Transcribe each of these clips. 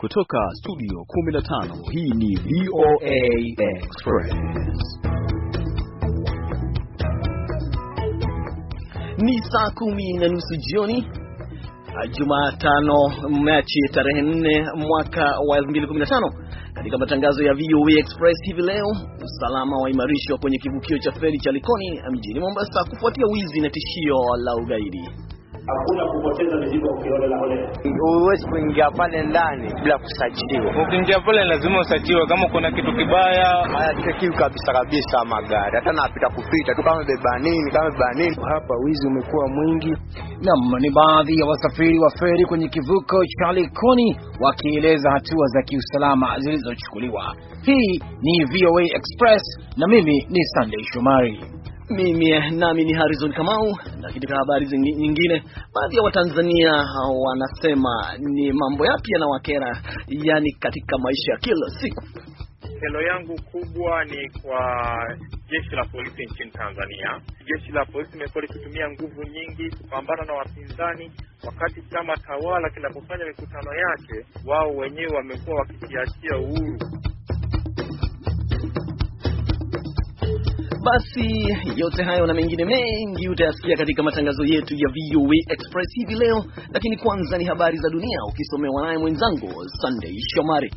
Kutoka studio 15 hii ni VOA Express. Ni saa kumi na nusu jioni Jumatano, Machi tarehe 4 mwaka wa 2015. Katika matangazo ya VOA Express hivi leo, usalama waimarishwa kwenye kivukio cha feri cha Likoni mjini Mombasa kufuatia wizi na tishio la ugaidi hakuna kupoteza mizigo ukiolela holela. Huwezi kuingia pale ndani bila kusajiliwa. Ukiingia pale lazima usajiliwe, kama kuna kitu kibaya. Hayachekiwi kabisa kabisa magari, hata napita kupita tu, kama beba nini, kama beba nini. Hapa wizi umekuwa mwingi. Naam, ni baadhi ya wasafiri wa feri kwenye kivuko cha Likoni wakieleza hatua za kiusalama zilizochukuliwa. Hii ni VOA Express na mimi ni Sunday Shomari. Mimi eh, nami ni Harrison Kamau. Na katika habari nyingine, baadhi ya Watanzania wanasema ni mambo yapi yanawakera, yani katika maisha ya kila siku. Kero yangu kubwa ni kwa jeshi la polisi nchini Tanzania. Jeshi la polisi limekuwa likitumia nguvu nyingi kupambana na wapinzani, wakati chama tawala kinapofanya mikutano yake, wao wenyewe wamekuwa wakijiachia uhuru. Basi yote hayo na mengine mengi utayasikia katika matangazo yetu ya VOA Express hivi leo, lakini kwanza ni habari za dunia ukisomewa naye mwenzangu Sunday Shomari.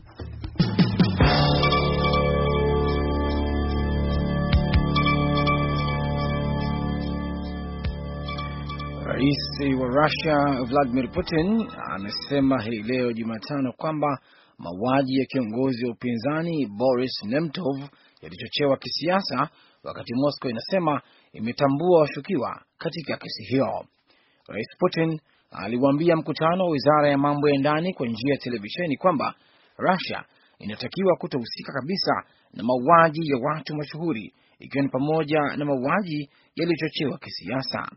Rais wa Russia Vladimir Putin amesema hii leo Jumatano kwamba mauaji ya kiongozi wa upinzani Boris Nemtsov yalichochewa kisiasa wakati Moscow inasema imetambua washukiwa katika kesi hiyo. Rais Putin aliwaambia mkutano wa wizara ya mambo ya ndani kwa njia ya televisheni kwamba Russia inatakiwa kutohusika kabisa na mauaji ya watu mashuhuri, ikiwa ni pamoja na mauaji yaliyochochewa kisiasa.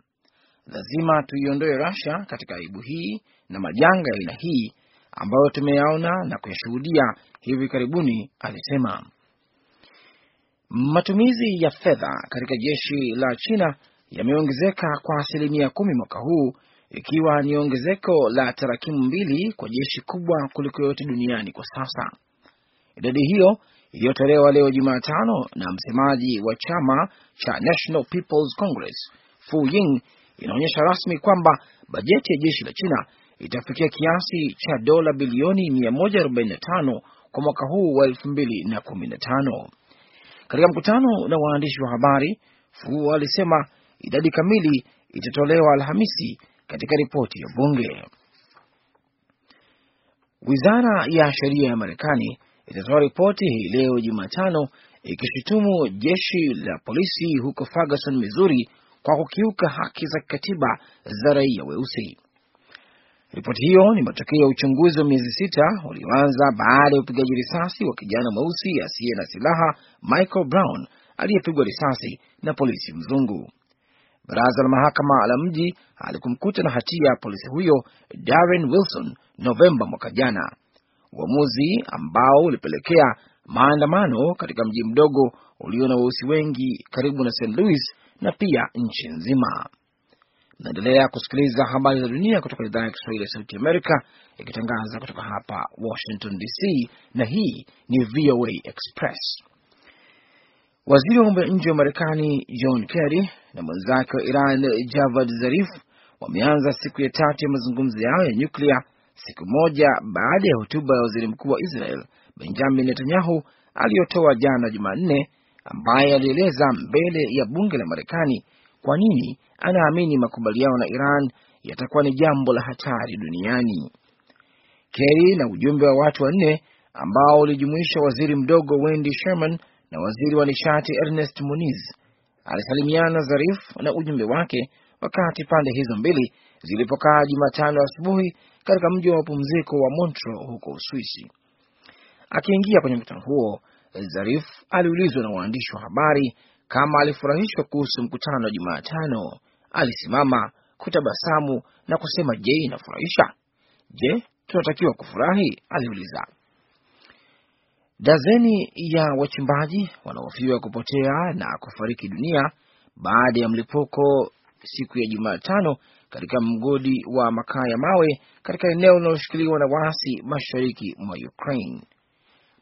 Lazima tuiondoe Russia katika aibu hii na majanga ya aina hii ambayo tumeyaona na kuyashuhudia hivi karibuni, alisema. Matumizi ya fedha katika jeshi la China yameongezeka kwa asilimia kumi mwaka huu ikiwa ni ongezeko la tarakimu mbili kwa jeshi kubwa kuliko yote duniani kwa sasa. Idadi hiyo iliyotolewa leo Jumatano na msemaji wa chama cha National People's Congress Fu Ying inaonyesha rasmi kwamba bajeti ya jeshi la China itafikia kiasi cha dola bilioni 145 kwa mwaka huu wa 2015. Katika mkutano na waandishi wa habari, fu alisema idadi kamili itatolewa Alhamisi katika ripoti ya bunge. Wizara ya sheria ya Marekani itatoa ripoti hii leo Jumatano ikishutumu jeshi la polisi huko Ferguson, Missouri kwa kukiuka haki za kikatiba za raia weusi. Ripoti hiyo ni matokeo ya uchunguzi wa miezi sita ulioanza baada ya upigaji risasi wa kijana mweusi asiye na silaha Michael Brown aliyepigwa risasi na polisi mzungu. Baraza la mahakama la mji alikumkuta na hatia polisi huyo Darren Wilson Novemba mwaka jana, uamuzi ambao ulipelekea maandamano katika mji mdogo ulio na weusi wengi karibu na St Louis na pia nchi nzima. Naendelea kusikiliza habari za dunia kutoka idhaa ya Kiswahili ya Sauti Amerika ikitangaza kutoka hapa Washington DC, na hii ni VOA Express. Waziri wa mambo ya nje wa Marekani John Kerry na mwenzake wa Iran Javad Zarif wameanza siku ya tatu ya mazungumzo yao ya nyuklia siku moja baada ya hotuba ya waziri mkuu wa Israel Benjamin Netanyahu aliyotoa jana Jumanne, ambaye alieleza mbele ya bunge la Marekani kwa nini anaamini makubaliano na Iran yatakuwa ni jambo la hatari duniani. Kerry na ujumbe wa watu wanne ambao ulijumuisha waziri mdogo Wendy Sherman na waziri wa nishati Ernest Moniz alisalimiana Zarif na ujumbe wake wakati pande hizo mbili zilipokaa Jumatano asubuhi katika mji wa mapumziko wa Montreux huko Uswisi. Akiingia kwenye mkutano huo, Zarif aliulizwa na waandishi wa habari kama alifurahishwa kuhusu mkutano wa Jumatano, alisimama kutabasamu na kusema, je, inafurahisha? Je, tunatakiwa kufurahi? aliuliza. Dazeni ya wachimbaji wanaofiwa kupotea na kufariki dunia baada ya mlipuko siku ya Jumatano katika mgodi wa makaa ya mawe katika eneo linaloshikiliwa na waasi mashariki mwa Ukraine.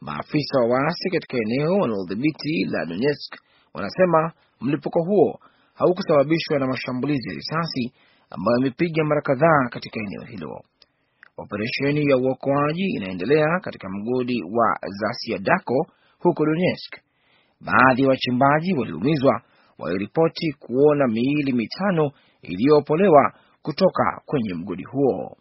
Maafisa wa waasi katika eneo wanaodhibiti la Donetsk wanasema mlipuko huo haukusababishwa na mashambulizi ya risasi ambayo yamepiga mara kadhaa katika eneo hilo. Operesheni ya uokoaji inaendelea katika mgodi wa Zasiadako huko Donetsk. Baadhi ya wa wachimbaji waliumizwa waliripoti kuona miili mitano iliyoopolewa kutoka kwenye mgodi huo.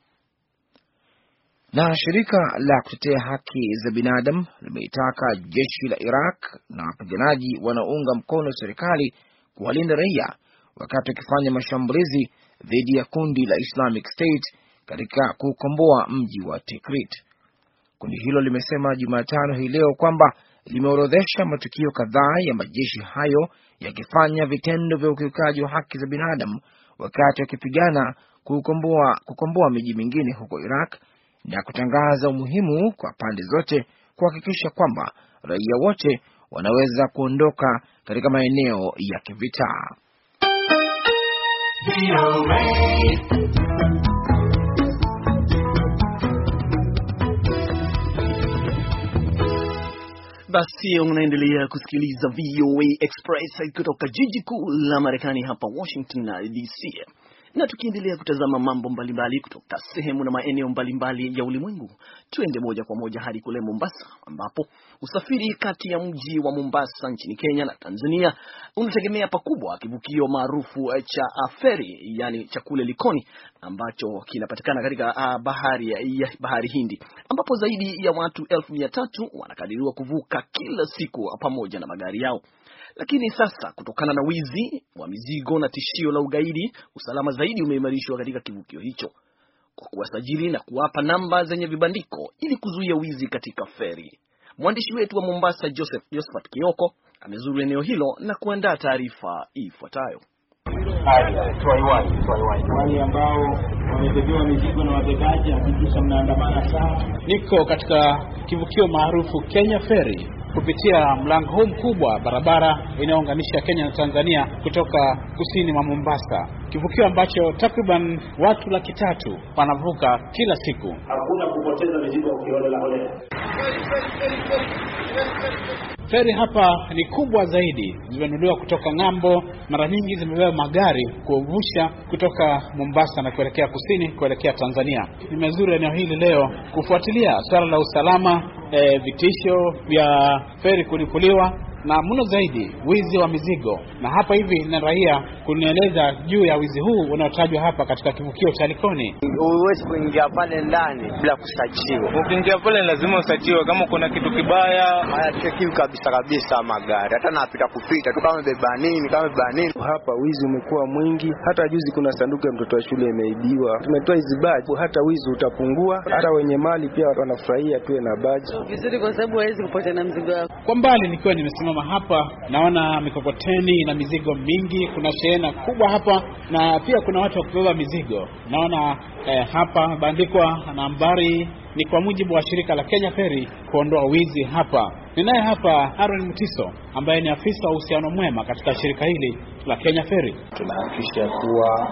Na shirika la kutetea haki za binadamu limeitaka jeshi la Iraq na wapiganaji wanaounga mkono serikali kuwalinda raia wakati wakifanya mashambulizi dhidi ya kundi la Islamic State katika kukomboa mji wa Tikrit. Kundi hilo limesema Jumatano hii leo kwamba limeorodhesha matukio kadhaa ya majeshi hayo yakifanya vitendo vya ukiukaji wa haki za binadamu wakati wakipigana kukomboa miji mingine huko Iraq na kutangaza umuhimu kwa pande zote kuhakikisha kwamba raia wote wanaweza kuondoka katika maeneo ya kivita. Basi unaendelea kusikiliza VOA Express kutoka jiji kuu la Marekani hapa Washington DC. Na tukiendelea kutazama mambo mbalimbali kutoka sehemu na maeneo mbalimbali ya ulimwengu, tuende moja kwa moja hadi kule Mombasa, ambapo usafiri kati ya mji wa Mombasa nchini Kenya na Tanzania unategemea pakubwa kivukio maarufu eh, cha feri, yani cha kule Likoni, ambacho kinapatikana katika ah, bahari ya bahari Hindi, ambapo zaidi ya watu elfu mia tatu wanakadiriwa kuvuka kila siku pamoja na magari yao. Lakini sasa kutokana na wizi wa mizigo na tishio la ugaidi, usalama zaidi umeimarishwa katika kivukio hicho kwa kuwasajili na kuwapa namba zenye vibandiko ili kuzuia wizi katika feri. Mwandishi wetu wa Mombasa Joseph Josephat Kioko amezuru eneo hilo na kuandaa taarifa ifuatayo wamebebewa mizigo na wabebaji, hakikisha mnaandamana sana. Niko katika kivukio maarufu Kenya Ferry kupitia mlango huu mkubwa, barabara inayounganisha Kenya na Tanzania kutoka kusini mwa Mombasa, kivukio ambacho takriban watu laki tatu wanavuka kila siku. Hakuna kupoteza mizigo ukiholela holela. Feri hapa ni kubwa zaidi, zimenunuliwa kutoka ng'ambo. Mara nyingi zimebeba magari kuvusha kutoka Mombasa na kuelekea kusini kusini kuelekea Tanzania. Nimezuru eneo hili leo kufuatilia swala la usalama, e, vitisho vya feri kulipuliwa na mno zaidi wizi wa mizigo. Na hapa hivi na raia kunieleza juu ya wizi huu unaotajwa hapa katika kivukio cha Likoni. Huwezi kuingia pale ndani bila kusajiliwa. Ukiingia pale lazima usajiliwe, kama kuna kitu kibaya. Hayachekiwi kabisa kabisa magari, hata napita kupita tu, kama beba nini, kama beba nini. Hapa wizi umekuwa mwingi, hata juzi kuna sanduku ya mtoto wa shule imeibiwa. Tumetoa hizi baji, hata wizi utapungua, hata wenye mali pia wanafurahia tuwe na baji vizuri, kwa sababu hawezi kupotea na mzigo wako. Kwa mbali nikiwa nimesimama Nimesimama hapa naona mikokoteni na mizigo mingi, kuna shehena kubwa hapa na pia kuna watu wa kubeba mizigo. Naona eh, hapa bandikwa nambari ni kwa mujibu wa shirika la Kenya Ferry kuondoa wizi hapa. Ninaye hapa Aaron Mtiso ambaye ni afisa wa uhusiano mwema katika shirika hili la Kenya Ferry. Tunahakikisha kuwa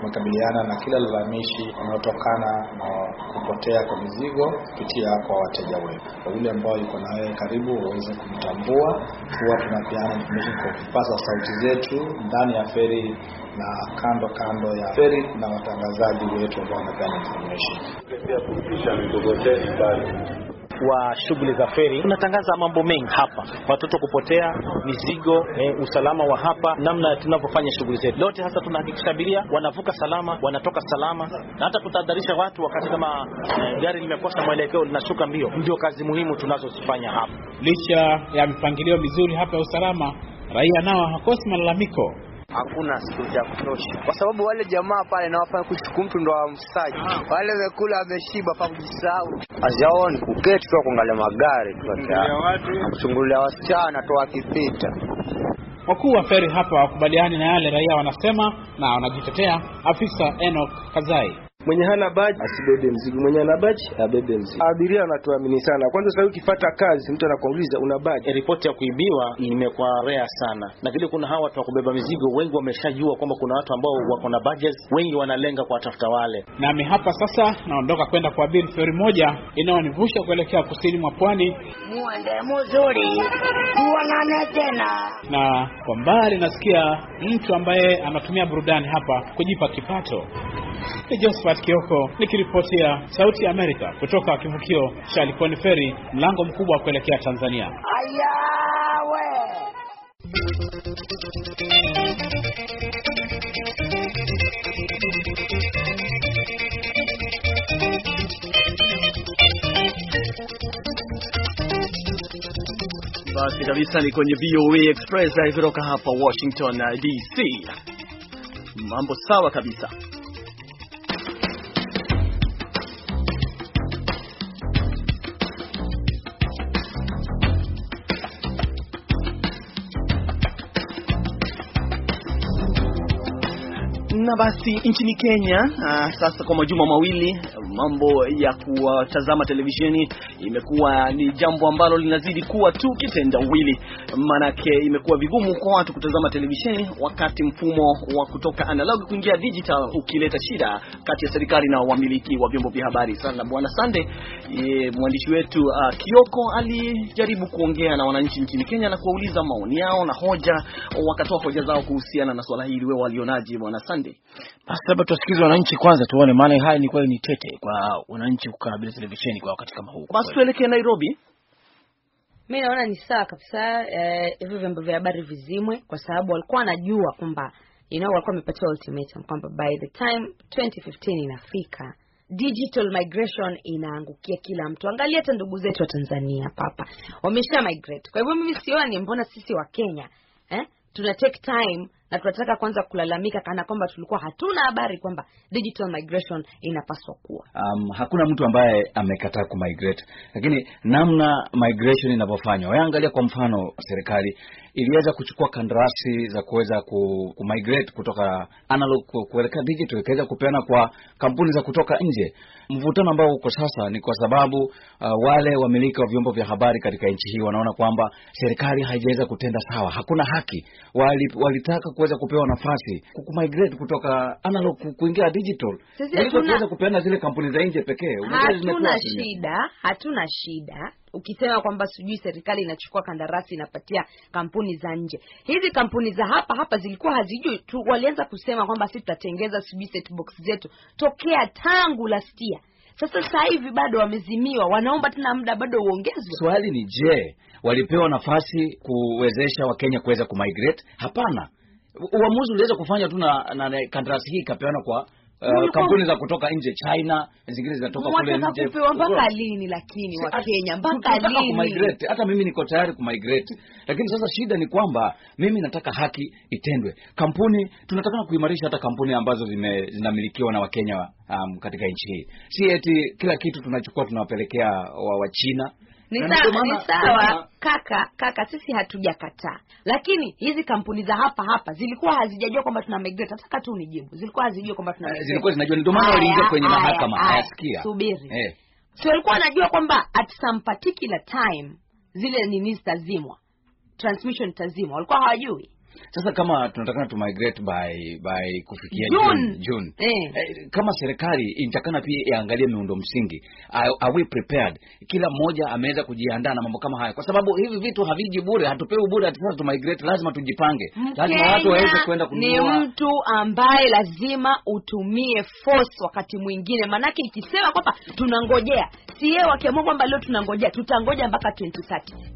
tunakabiliana na kila lalamishi unaotokana na kupotea kwa mizigo kupitia kwa wateja wetu. Kwa yule ambao yuko na wewe karibu waweze kumtambua, huwa tunapeana information kwa kupaza sauti zetu ndani ya feri na kando kando ya feri na watangazaji wetu ambao wanapeana information. Pia kupisha mikokoteni bali wa shughuli za feri. Tunatangaza mambo mengi hapa, watoto kupotea, mizigo, eh, usalama wa hapa, namna tunavyofanya shughuli zetu lote. Hasa tunahakikisha abiria wanavuka salama, wanatoka salama, na hata kutahadharisha watu wakati kama eh, gari limekosa mwelekeo linashuka mbio. Ndio kazi muhimu tunazozifanya hapa. Licha ya mipangilio mizuri hapa ya usalama, raia nao hakosi malalamiko hakuna sikuru ya kutosha, kwa sababu wale jamaa pale na wafanya kushuku mtu ndo wamsaji wale wekula wameshiba kwa kujisahau, asiaoni kuketi tu kuangalia magari tu, kuchungulia wasichana tu wakipita. Wakuu wa feri hapa wakubaliani na yale raia wanasema na wanajitetea. Afisa Enoch Kazai mwenye hana baji asibebe mzigo, mwenye hana baji abebe mzigo. Abiria anatuamini sana. Kwanza sasa ukifata kazi mtu anakuuliza una baji. E, ripoti ya kuibiwa imekuwa rare sana, na vile kuna hawa watu wa kubeba mizigo wengi wameshajua kwamba kuna watu ambao wako na badges, wengi wanalenga kwa watafuta wale. Nami hapa sasa naondoka kwenda kuabiri feri moja inayonivusha kuelekea kusini mwa pwani. Muende mzuri tuonane tena. Na kwa mbali nasikia mtu ambaye anatumia burudani hapa kujipa kipato. Ni Joseph Josephat Kioko nikiripotia Sauti ya Amerika kutoka kivukio cha Likoni Ferry, mlango mkubwa wa kuelekea Tanzania. Ayawe. Basi kabisa ni kwenye VOA Express kutoka hapa Washington DC. Mambo sawa kabisa. basi nchini Kenya, aa, ah, sasa kwa majuma mawili mambo ya kutazama televisheni imekuwa ni jambo ambalo linazidi kuwa tu kitenda wili, maanake imekuwa vigumu kwa watu kutazama televisheni wakati mfumo wa kutoka analog kuingia digital ukileta shida kati ya serikali na wamiliki wa vyombo vya habari. Sana bwana Sande, mwandishi wetu aa, ah, Kioko alijaribu kuongea na wananchi nchini Kenya na kuwauliza maoni yao na hoja, wakatoa hoja zao kuhusiana na swala hili. Wewe walionaje bwana Sande? Basi labda tuwasikize wananchi kwanza, tuone, maana haya ni kweli ni tete kwa wananchi kukaa bila televisheni kwa wakati kama huu. Basi tuelekee Nairobi. Mi naona ni sawa kabisa eh, hivyo, eh, vyombo vya habari vizimwe, kwa sababu walikuwa wanajua kwamba you know, walikuwa wamepatiwa ultimatum kwamba by the time 2015 inafika digital migration inaangukia kila mtu. Angalia hata ndugu zetu wa Tanzania papa wamesha migrate. Kwa hivyo mimi sioni mbona sisi wa Kenya eh, tuna take time na tunataka kwanza kulalamika kana kwamba tulikuwa hatuna habari kwamba digital migration inapaswa kuwa. Um, hakuna mtu ambaye amekataa kumigrate, lakini namna migration inavyofanywa, waangalia kwa mfano, serikali iliweza kuchukua kandarasi za kuweza kumigrate kutoka analog kuelekea digital, ikaweza kupeana kwa kampuni za kutoka nje. Mvutano ambao uko sasa ni kwa sababu uh, wale wamiliki wa vyombo vya habari katika nchi hii wanaona kwamba serikali haijaweza kutenda sawa, hakuna haki. Walitaka kuweza kupewa nafasi kumigrate kutoka analog kuingia digital, kuweza kupeana zile kampuni za nje pekee. Hatuna shida, hatuna shida ukisema kwamba sijui serikali inachukua kandarasi inapatia kampuni za nje. Hizi kampuni za hapa hapa zilikuwa hazijui tu, walianza kusema kwamba sisi tutatengeza sijui set box zetu tokea tangu last year. Sasa sasa hivi bado wamezimiwa, wanaomba tena muda bado uongezwe. Swali ni je, walipewa nafasi kuwezesha Wakenya kuweza kumigrate? Hapana uamuzi uliweza kufanya tu na, na, na kandarasi hii ikapeana kwa Uh, kampuni za kutoka nje China, zingine zinatoka kule nje. Kupewa mpaka lini? Lakini wa Kenya mpaka lini kumigrate? Hata mimi niko tayari kumigrate, lakini sasa shida ni kwamba mimi nataka haki itendwe. Kampuni tunataka kuimarisha hata kampuni ambazo zime, zinamilikiwa na Wakenya um, katika nchi hii, si eti kila kitu tunachukua tunawapelekea wa, wa China ni sawa, ni sawa kaka, kaka, sisi hatujakataa, lakini hizi kampuni za hapa hapa zilikuwa hazijajua kwamba tuna migrate. Nataka tu nijibu, zilikuwa hazijui kwamba tuna eh, migrate, zilikuwa zinajua, ndio maana waliingia kwenye mahakama. Hayasikia, subiri eh. So walikuwa wanajua kwamba at some particular time zile nini zitazimwa, transmission tazimwa walikuwa hawajui sasa kama tunataka tu migrate by by kufikia June, June. Eh. Eh, kama serikali inatakana pia iangalie miundo msingi. Are, are we prepared? Kila mmoja ameweza kujiandaa na mambo kama haya, kwa sababu hivi vitu haviji bure, hatupewi bure. Sasa to migrate lazima tujipange, lazima watu waweze kwenda kununua. Ni mtu ambaye lazima utumie force wakati mwingine, maanake ikisema kwamba tunangojea, si yeye wakiamua kwamba leo tunangojea, tutangoja mpaka 2030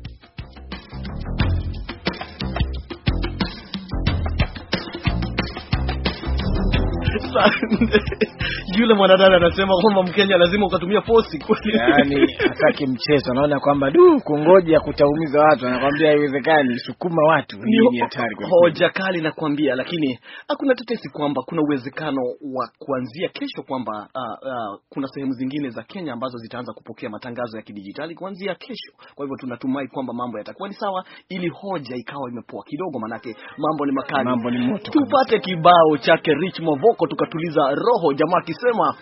Yule mwanadada anasema kwamba Mkenya lazima ukatumia force kweli, yani hataki mchezo. Anaona kwamba du, kungoja kutaumiza watu, anakwambia haiwezekani, sukuma watu. ni hatari kweli, hoja kali nakwambia, lakini hakuna tetesi kwamba kuna uwezekano wa kuanzia kesho kwamba uh, uh, kuna sehemu zingine za Kenya ambazo zitaanza kupokea matangazo ya kidijitali kuanzia kesho. Kwa hivyo tunatumai kwamba mambo yatakuwa ni sawa, ili hoja ikawa imepoa kidogo, manake mambo ni makali. Mambo ni moto. Tupate kibao chake Rich Mavoko kwako tukatuliza roho, jamaa akisema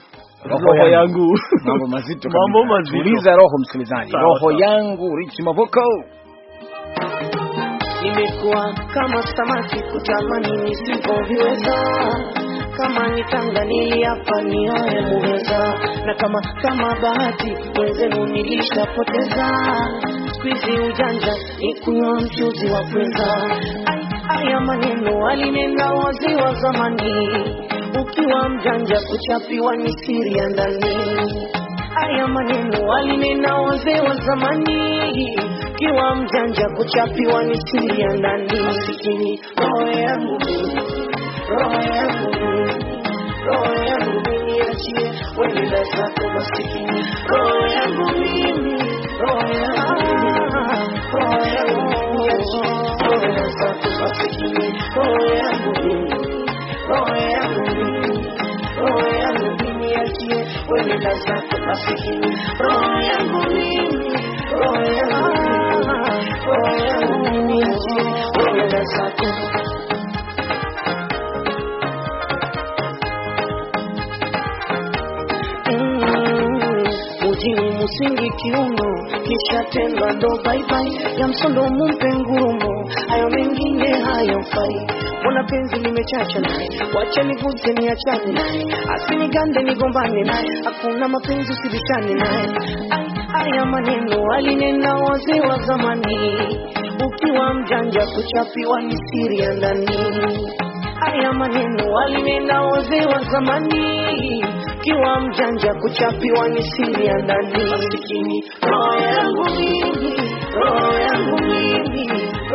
roho yangu, mambo mazito, mambo mazito. Tuliza roho, msikilizaji, roho yangu. Rich Mavoko, nimekuwa kama samaki kutamani nisivyoviweza kama ni tanga niliapa nioe muweza, na kama kama bahati wenzenu nilishapoteza. Sikuizi ujanja ni kunywa mchuzi wa pweza. Haya maneno alinena wazi wa zamani ukiwa mjanja kuchapiwa ni siri ya ndani. Haya maneno walinena wazee wa zamani, ukiwa mjanja kuchapiwa ni siri ya ndani. Sikini roho yangu roho yangu roho yangu niachie, wenda zako masikini, roho yangu mimi roho yangu roho yangu niachie, wenda zako masikini, roho yangu mimi roho yangu niachie, wewe la zako basi, roho yangu mimi, roho yangu roho yangu niachie, wewe la zako Msingi kiuno kisha tendo ndo baibai ya msondo mumpe ngurumo hayo mengine hayofai, mbona penzi limechacha naye, wacha nivute niachane naye, asinigande nigombane naye, hakuna mapenzi usibishane naye. Haya maneno alinena wazee wa zamani, ukiwa mjanja kuchapiwa ni siri ya ndani. Haya maneno alinena wazee wa zamani kiwa mjanja kuchapiwa ni siri ya ndani. Masikini roho yangu mimi, roho yangu mimi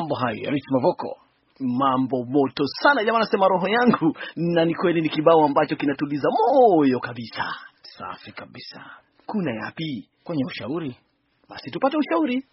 mambo hayo ya Rich Mavoko mambo moto sana jamaa, anasema roho yangu, na ni kweli, ni kibao ambacho kinatuliza moyo kabisa. Safi kabisa. Kuna yapi kwenye ushauri? Basi tupate ushauri.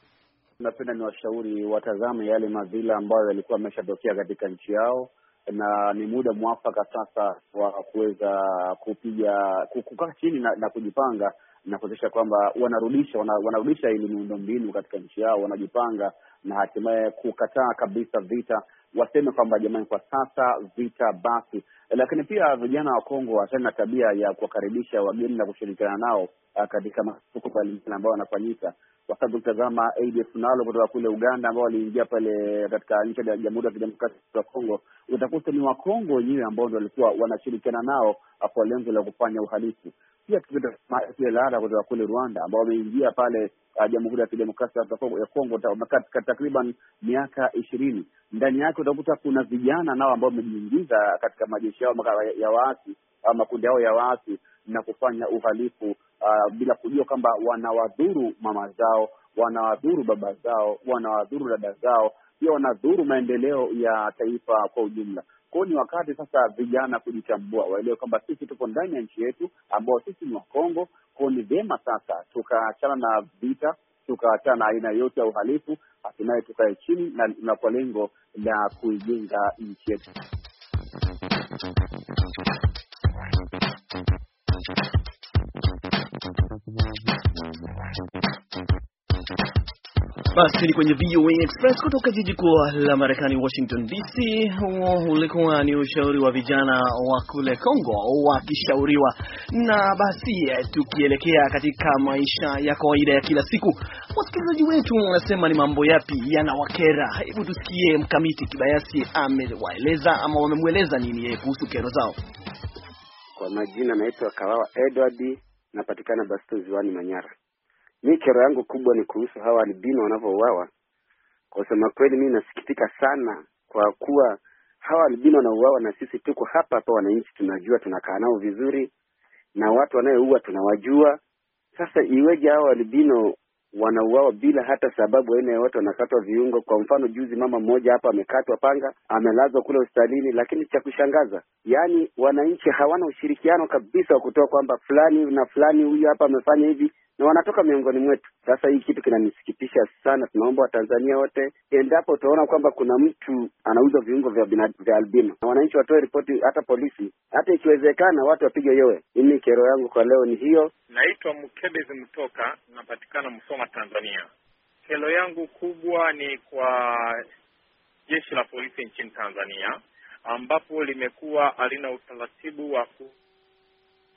Napenda ni washauri watazame yale madhila ambayo yalikuwa yameshatokea katika nchi yao, na ni muda mwafaka sasa wa kuweza kupiga kukaa chini na, na kujipanga na kuhakikisha kwamba wanarudisha wana, wanarudisha ili miundombinu katika nchi yao, wanajipanga na hatimaye kukataa kabisa vita, waseme kwamba jamani, kwa sasa vita basi. Lakini pia vijana wa Kongo watani na tabia ya kuwakaribisha wageni na kushirikiana nao ah, katika masuko mbalimbali ambayo wanafanyika kwa sababu ukitazama ADF nalo kutoka kule Uganda ambao waliingia pale katika nchi ya Jamhuri ya Kidemokrasia ya Kongo, utakuta ni Wakongo wenyewe ambao ndio walikuwa wanashirikiana nao kwa lengo la kufanya uhalifu. Pia tukitazama kutoka kule Rwanda ambao wameingia pale ah, Jamhuri ya Kidemokrasia ya Kongo takriban miaka ishirini, ndani yake utakuta kuna vijana nao ambao wamejiingiza katika majeshi yao ya waasi au ah, makundi yao ya waasi na kufanya uhalifu uh, bila kujua kwamba wanawadhuru mama zao, wanawadhuru baba zao, wanawadhuru dada zao, pia wanadhuru maendeleo ya taifa kwa ujumla. Kwao ni wakati sasa vijana kujitambua, waelewe kwamba sisi tuko ndani ya nchi yetu ambao sisi ni Wakongo. Kwao ni vyema sasa tukaachana na vita, tukaachana na aina yote ya uhalifu, hatimaye tukae chini na, na kwa lengo la kuijenga nchi yetu. Basi ni kwenye VOA Express kutoka jiji kuu la Marekani, Washington DC. Ulikuwa ni ushauri wa vijana wa kule Kongo wakishauriwa. Na basi tukielekea katika maisha ya kawaida ya kila siku, wasikilizaji wetu wanasema ni mambo yapi yanawakera. Hebu tusikie Mkamiti Kibayasi amewaeleza ama wamemweleza nini yeye eh, kuhusu kero zao. Kwa majina naitwa Kawawa Edward napatikana Basto ziwani Manyara. Mi kero yangu kubwa ni kuhusu hawa albino wanavyouawa. Kwa kusema kweli, mi nasikitika sana kwa kuwa hawa albino wanauawa na sisi tuko hapa hapa, wananchi tunajua, tunakaa nao vizuri na watu wanayeua tunawajua. Sasa iweje hawa albino wanauawa bila hata sababu aina yoyote, wanakatwa viungo. Kwa mfano, juzi mama mmoja hapa amekatwa panga, amelazwa kule hospitalini. Lakini cha kushangaza, yaani wananchi hawana ushirikiano kabisa wa kutoa kwamba fulani na fulani, huyu hapa amefanya hivi, na wanatoka miongoni mwetu. Sasa hii kitu kinanisikitisha sana. Tunaomba Watanzania wote, endapo utaona kwamba kuna mtu anauza viungo vya, vya albino, na wananchi watoe ripoti, hata polisi, hata ikiwezekana watu wapige yowe. Mimi kero yangu kwa leo ni hiyo. Naitwa Mkebezi Mtoka, napatikana Msoma, Tanzania. Kero yangu kubwa ni kwa jeshi la polisi nchini Tanzania ambapo limekuwa halina utaratibu wa ku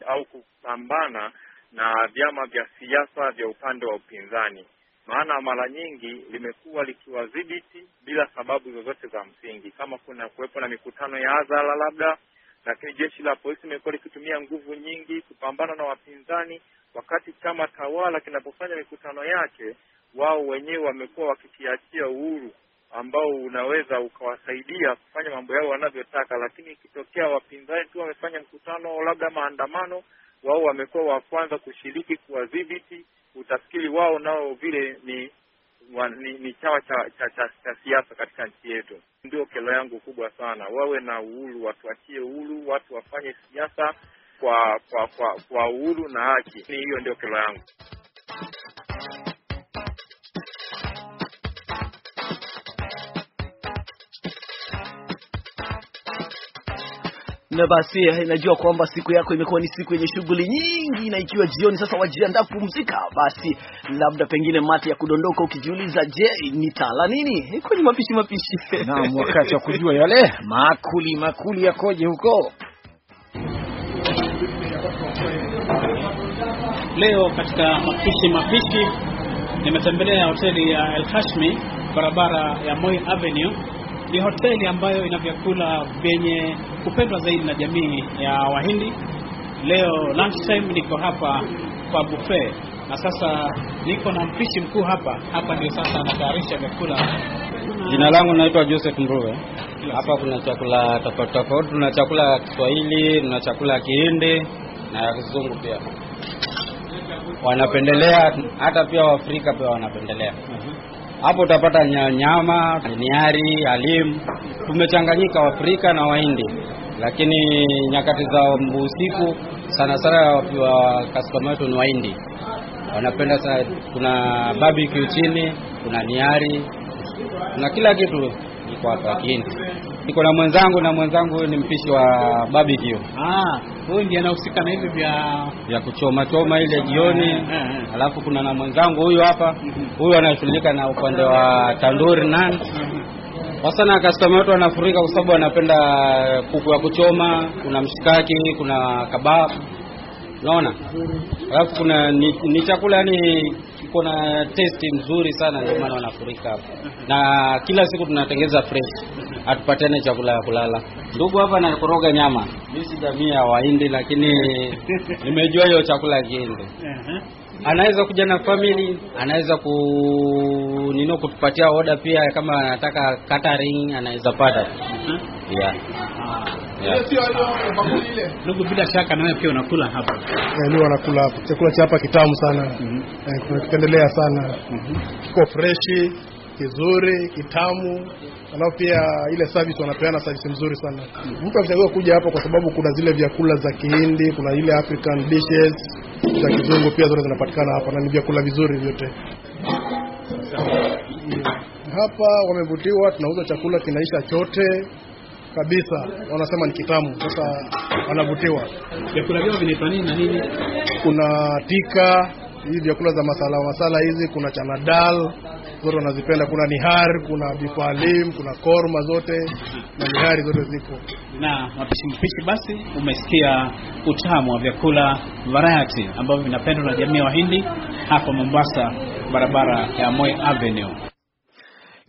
au kupambana na vyama vya siasa vya upande wa upinzani, maana mara nyingi limekuwa likiwadhibiti bila sababu zozote za msingi, kama kuna kuwepo na mikutano ya hadhara labda. Lakini jeshi la polisi limekuwa likitumia nguvu nyingi kupambana na wapinzani, wakati chama tawala kinapofanya mikutano yake, wao wenyewe wamekuwa wakikiachia uhuru ambao unaweza ukawasaidia kufanya mambo yao wanavyotaka. Lakini ikitokea wapinzani tu wamefanya mkutano, labda maandamano, wao wamekuwa wa kwanza kushiriki kuwadhibiti. Utafikiri wao nao vile ni wa, ni, ni chawa cha, cha, cha, cha siasa katika nchi yetu. Ndio kelo yangu kubwa sana, wawe na uhuru, watuachie uhuru, watu wafanye siasa kwa kwa kwa, kwa uhuru na haki. Ni hiyo ndio kelo yangu. na basi, eh, najua kwamba siku yako imekuwa ni siku yenye shughuli nyingi, na ikiwa jioni sasa wajiandaa kupumzika, basi labda pengine mate ya kudondoka ukijiuliza, je, nitala nini eh, kwenye mapishi mapishi? Naam, wakati wa kujua yale makuli makuli yakoje huko. Leo katika mapishi mapishi nimetembelea hoteli ya El Hashmi barabara ya Moi Avenue. Ni hoteli ambayo ina vyakula vyenye kupendwa zaidi na jamii ya Wahindi. Leo time niko hapa kwa buffet, na sasa niko na mpishi mkuu hapa hapa, ndio sasa anatayarisha vyakula. Jina langu naitwa Joseph Mruwe. Hapa kuna chakula tofauti tofauti, tuna chakula ya Kiswahili, tuna chakula ya Kihindi na ya kizungu pia wanapendelea, hata pia Waafrika pia wanapendelea. Mhm. Hapo utapata nyama, niari alimu. Tumechanganyika Waafrika na Wahindi, lakini nyakati za usiku sana sana wa customer wetu ni Wahindi, wanapenda sana. Kuna barbecue chini, kuna niari, kuna kila kitu kufuata, lakini niko na mwenzangu na mwenzangu huyu ni mpishi wa barbecue. Ah, huyu ndiye anahusika na hivi vya vya kuchoma choma ile jioni. Eh, eh, eh. Alafu kuna na mwenzangu huyu hapa, huyu anashughulika na upande wa tandoori nani sasa na customer wetu wanafurika kwa sababu wanapenda kuku ya kuchoma, kuna mshikaki, kuna kabab, unaona. Alafu kuna ni, ni chakula yani iko na testi mzuri sana, ndio maana wanafurika hapa, na kila siku tunatengeneza fresh, hatupatane chakula ya kulala. Ndugu hapa nakoroga nyama, mimi si jamii ya Wahindi, lakini nimejua hiyo chakula ya anaweza kuja na family, anaweza ku nino kutupatia oda pia, kama anataka catering anaweza pata. yeah. Ah. Ndugu, bila shaka nawe pia unakula hapa? Eh, wanakula hapa. Chakula cha hapa kitamu sana, tunakipendelea mhm. eh, sana, mhm. kiko freshi, kizuri, kitamu alafu pia ile service wanapeana service nzuri sana. Mhm. Mtu anachagua kuja hapa, kwa sababu kuna zile vyakula za Kihindi, kuna ile African dishes za kizungu pia zote zinapatikana hapa na ni vyakula vizuri vyote hapa. Wamevutiwa, tunauza chakula kinaisha chote kabisa, wanasema ni kitamu. Sasa wanavutiwa vyakula vyao vinaitwa nini na nini? Kuna tika hizi vyakula za masala masala hizi, kuna chana dal zote wanazipenda, kuna nihar, kuna bifalim, kuna korma zote na nihari zote zipo. Na mapishi mpishi, basi umesikia utamu wa vyakula variety ambavyo vinapendwa na jamii ya Wahindi hapa Mombasa, barabara ya Moi Avenue.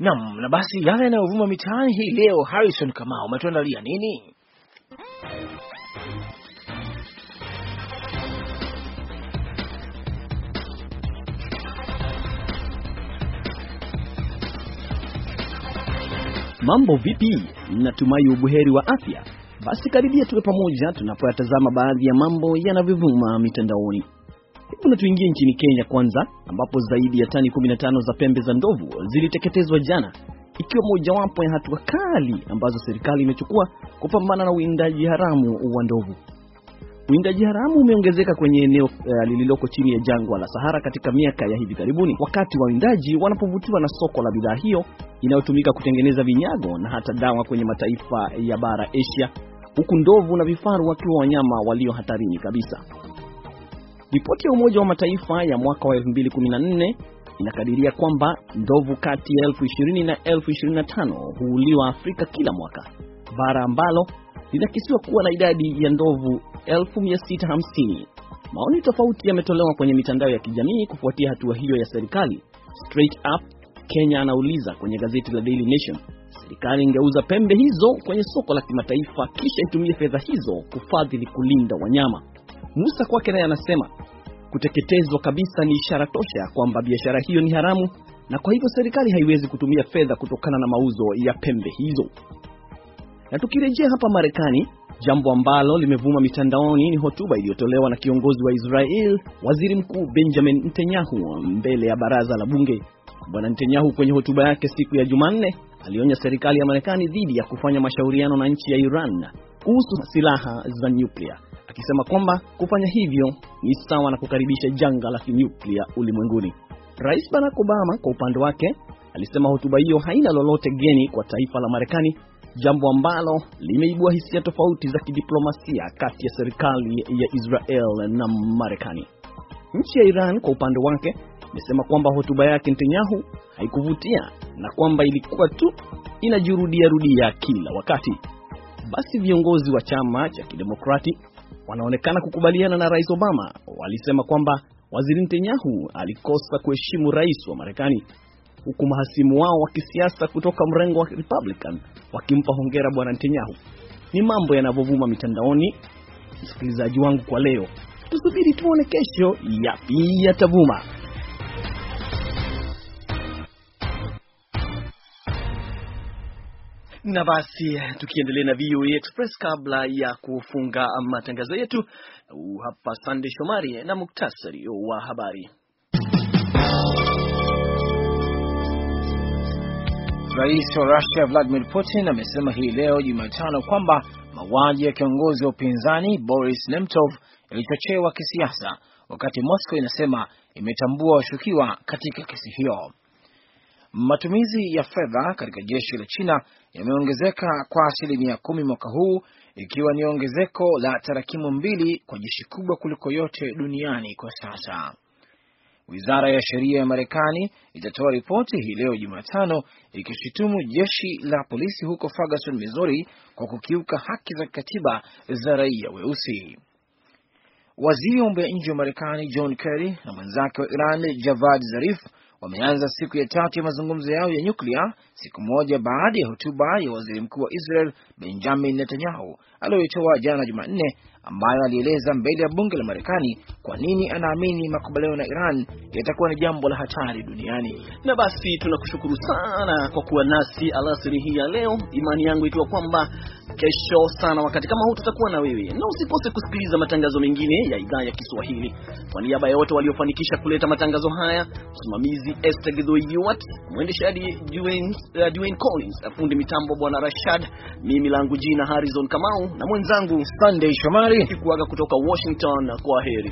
Naam, na basi yale yanayovuma mitaani hii leo, Harrison Kamau, umetuandalia nini? Mambo vipi? Natumai ubuheri wa afya. Basi karibia tuwe pamoja tunapoyatazama baadhi ya mambo yanavyovuma mitandaoni. Hebu na tuingie nchini Kenya kwanza, ambapo zaidi ya tani 15 za pembe za ndovu ziliteketezwa jana, ikiwa mojawapo ya hatua kali ambazo serikali imechukua kupambana na uwindaji haramu wa ndovu. Uwindaji haramu umeongezeka kwenye eneo uh, lililoko chini ya jangwa la Sahara katika miaka ya hivi karibuni, wakati wawindaji wanapovutiwa na soko la bidhaa hiyo inayotumika kutengeneza vinyago na hata dawa kwenye mataifa ya bara Asia, huku ndovu na vifaru wakiwa wanyama walio hatarini kabisa. Ripoti ya Umoja wa Mataifa ya mwaka wa 2014 inakadiria kwamba ndovu kati ya elfu 20 na elfu 25 huuliwa Afrika kila mwaka, bara ambalo linakisiwa kuwa na idadi ya ndovu 650 Maoni tofauti yametolewa kwenye mitandao ya kijamii kufuatia hatua hiyo ya serikali. Straight Up Kenya anauliza kwenye gazeti la Daily Nation, serikali ingeuza pembe hizo kwenye soko la kimataifa kisha itumie fedha hizo kufadhili kulinda wanyama. Musa kwake naye anasema kuteketezwa kabisa ni ishara tosha kwamba biashara hiyo ni haramu na kwa hivyo serikali haiwezi kutumia fedha kutokana na mauzo ya pembe hizo. Na tukirejea hapa Marekani, jambo ambalo limevuma mitandaoni ni hotuba iliyotolewa na kiongozi wa Israel, Waziri Mkuu Benjamin Netanyahu mbele ya baraza la bunge. Bwana Netanyahu kwenye hotuba yake siku ya Jumanne alionya serikali ya Marekani dhidi ya kufanya mashauriano na nchi ya Iran kuhusu silaha za nyuklia akisema kwamba kufanya hivyo ni sawa na kukaribisha janga la kinyuklia ulimwenguni. Rais Barack Obama kwa upande wake alisema hotuba hiyo haina lolote geni kwa taifa la Marekani, jambo ambalo limeibua hisia tofauti za kidiplomasia kati ya serikali ya Israel na Marekani. Nchi ya Iran kwa upande wake imesema kwamba hotuba yake Netanyahu haikuvutia na kwamba ilikuwa tu rudia kila wakati. Basi viongozi wa chama cha Kidemokrati wanaonekana kukubaliana na Rais Obama. Walisema kwamba Waziri Netanyahu alikosa kuheshimu rais wa Marekani, huku mahasimu wao wa kisiasa kutoka mrengo wa Republican wakimpa hongera Bwana Netanyahu. Ni mambo yanavyovuma mitandaoni, msikilizaji wangu. Kwa leo tusubiri tuone kesho yapi yatavuma. Na basi tukiendelea na VOA Express, kabla ya kufunga matangazo yetu hapa, Sande Shomari na muktasari wa habari. Rais wa Russia Vladimir Putin amesema hii leo Jumatano kwamba mauaji ya kiongozi wa upinzani Boris Nemtsov yalichochewa kisiasa, wakati Moscow inasema imetambua washukiwa katika kesi hiyo. Matumizi ya fedha katika jeshi la China yameongezeka kwa asilimia kumi mwaka huu ikiwa ni ongezeko la tarakimu mbili kwa jeshi kubwa kuliko yote duniani kwa sasa. Wizara ya sheria ya Marekani itatoa ripoti hii leo Jumatano ikishutumu jeshi la polisi huko Ferguson, Missouri kwa kukiuka haki za kikatiba za raia weusi. Waziri wa mambo ya nje wa Marekani John Kerry na mwenzake wa Iran Javad Zarif wameanza siku ya tatu ya mazungumzo yao ya nyuklia siku moja baada ya hotuba ya waziri mkuu wa Israel Benjamin Netanyahu aliyoitoa jana Jumanne, ambayo alieleza mbele ya bunge la Marekani kwa nini anaamini makubaliano na Iran yatakuwa ni jambo la hatari duniani. Na basi tunakushukuru sana kwa kuwa nasi alasiri hii ya leo. Imani yangu ikiwa kwamba Kesho sana wakati kama huu tutakuwa na wewe, na usikose kusikiliza matangazo mengine ya idhaa ya Kiswahili. Kwa niaba ya wote waliofanikisha kuleta matangazo haya, msimamizi Esther Gidhuiwat, mwendeshaji uh, Dwayne Collins, afundi mitambo Bwana Rashad, mimi langu jina Harrison Kamau na mwenzangu Sunday Shomari, kuaga kutoka Washington. Kwa heri.